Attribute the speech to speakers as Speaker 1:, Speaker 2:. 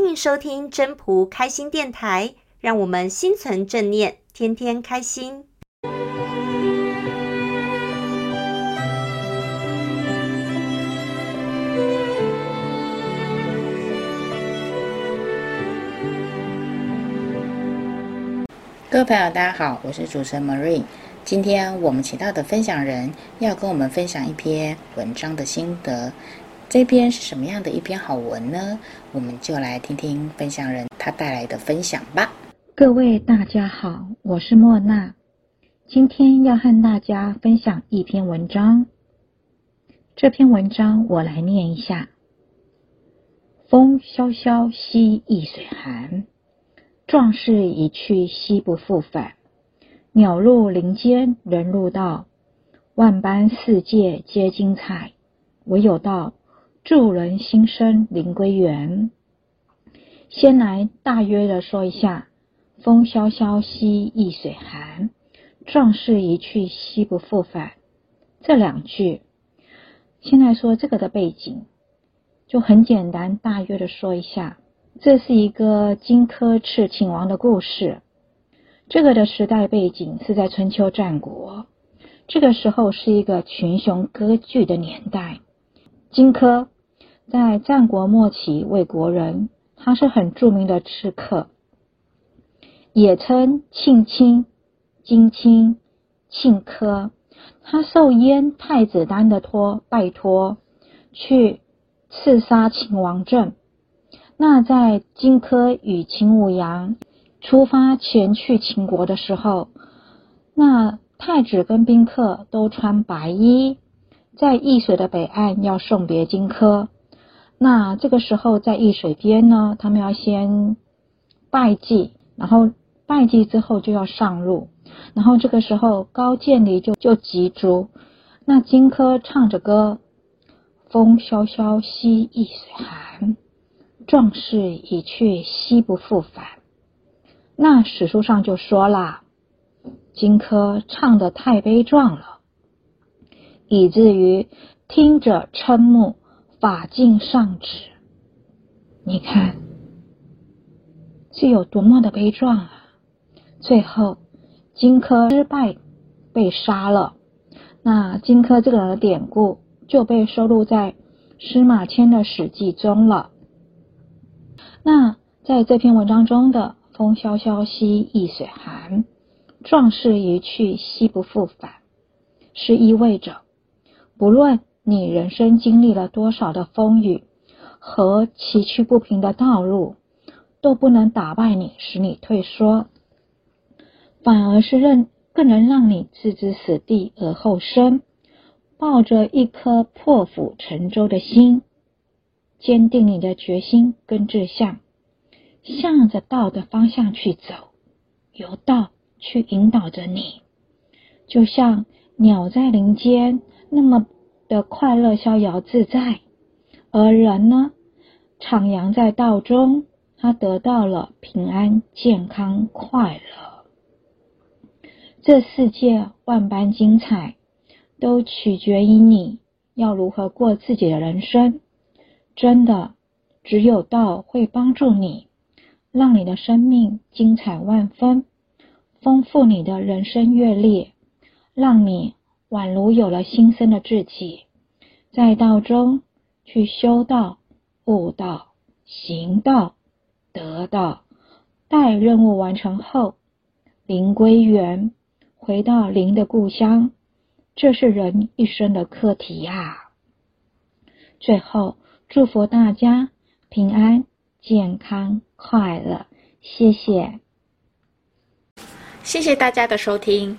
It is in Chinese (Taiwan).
Speaker 1: 歡迎收聽真樸開心電台，讓我們心存正念，天天開心。各位朋友，大家好，我是主持人 Marine。今天我們請到的分享人要跟我們分享一篇文章的心得。這篇是什麼樣的一篇好文呢？我們就來聽聽分享人他帶來的分享吧。
Speaker 2: 各位大家好，我是莫娜，今天要和大家分享一篇文章。這篇文章我來念一下：“風蕭蕭兮易水寒，壯士一去兮不復返。鳥入林間人入道，萬般世界皆精彩，唯有道。”助人心生靈歸元。先來大約的說一下：“風蕭蕭兮易水寒，壯士一去兮不復返。”這兩句，先來說這個的背景，就很簡單，大約的說一下，這是一個荊軻刺秦王的故事。這個的時代背景是在春秋戰國，這個時候是一個群雄割據的年代，荊軻。在戰國末期，魏國人，他是很著名的刺客，也稱慶卿、荊卿、荊軻，他受燕太子丹的託拜托，去刺殺秦王政。那在荊軻與秦舞陽出發前去秦國的時候，那太子跟賓客都穿白衣，在易水的北岸要送別荊軻。那這個時候在易水邊呢，他們要先拜祭，然後拜祭之後就要上路，然後這個時候高漸離就就擊築，那荊軻唱着歌，風蕭蕭兮易水寒，壯士一去兮不復返。那史書上就說啦，荊軻唱得太悲壯了，以至於聽者瞠目。髮盡上指，你看是有多麼的悲壯啊！最後，荊軻失敗被殺了，那荊軻這個人的典故就被收錄在司馬遷的《史記》中了。那在這篇文章中的“風蕭蕭兮易水寒，壯士一去兮不復返”，是意味着不論。你人生經歷了多少的風雨和崎嶇不平的道路，都不能打敗你，使你退縮，反而是認更能讓你置之死地而後生，抱着一顆破釜沉舟的心，堅定你的決心跟志向，向着道的方向去走，由道去引導着你，就像鳥在林間那麼。的快樂逍遙自在，而人呢，徜徉在道中，他得到了平安、健康、快樂。這世界萬般精彩，都取決於你要如何過自己的人生。真的，只有道會幫助你，讓你的生命精彩萬分，豐富你的人生閱歷，讓你。宛如有了新生的志氣，在道中去修道、悟道、行道、得道。待任務完成後，靈歸元，回到靈的故鄉。這是人一生的課題啊。最後，祝福大家平安、健康、快樂。謝謝，
Speaker 1: 謝謝大家的收聽。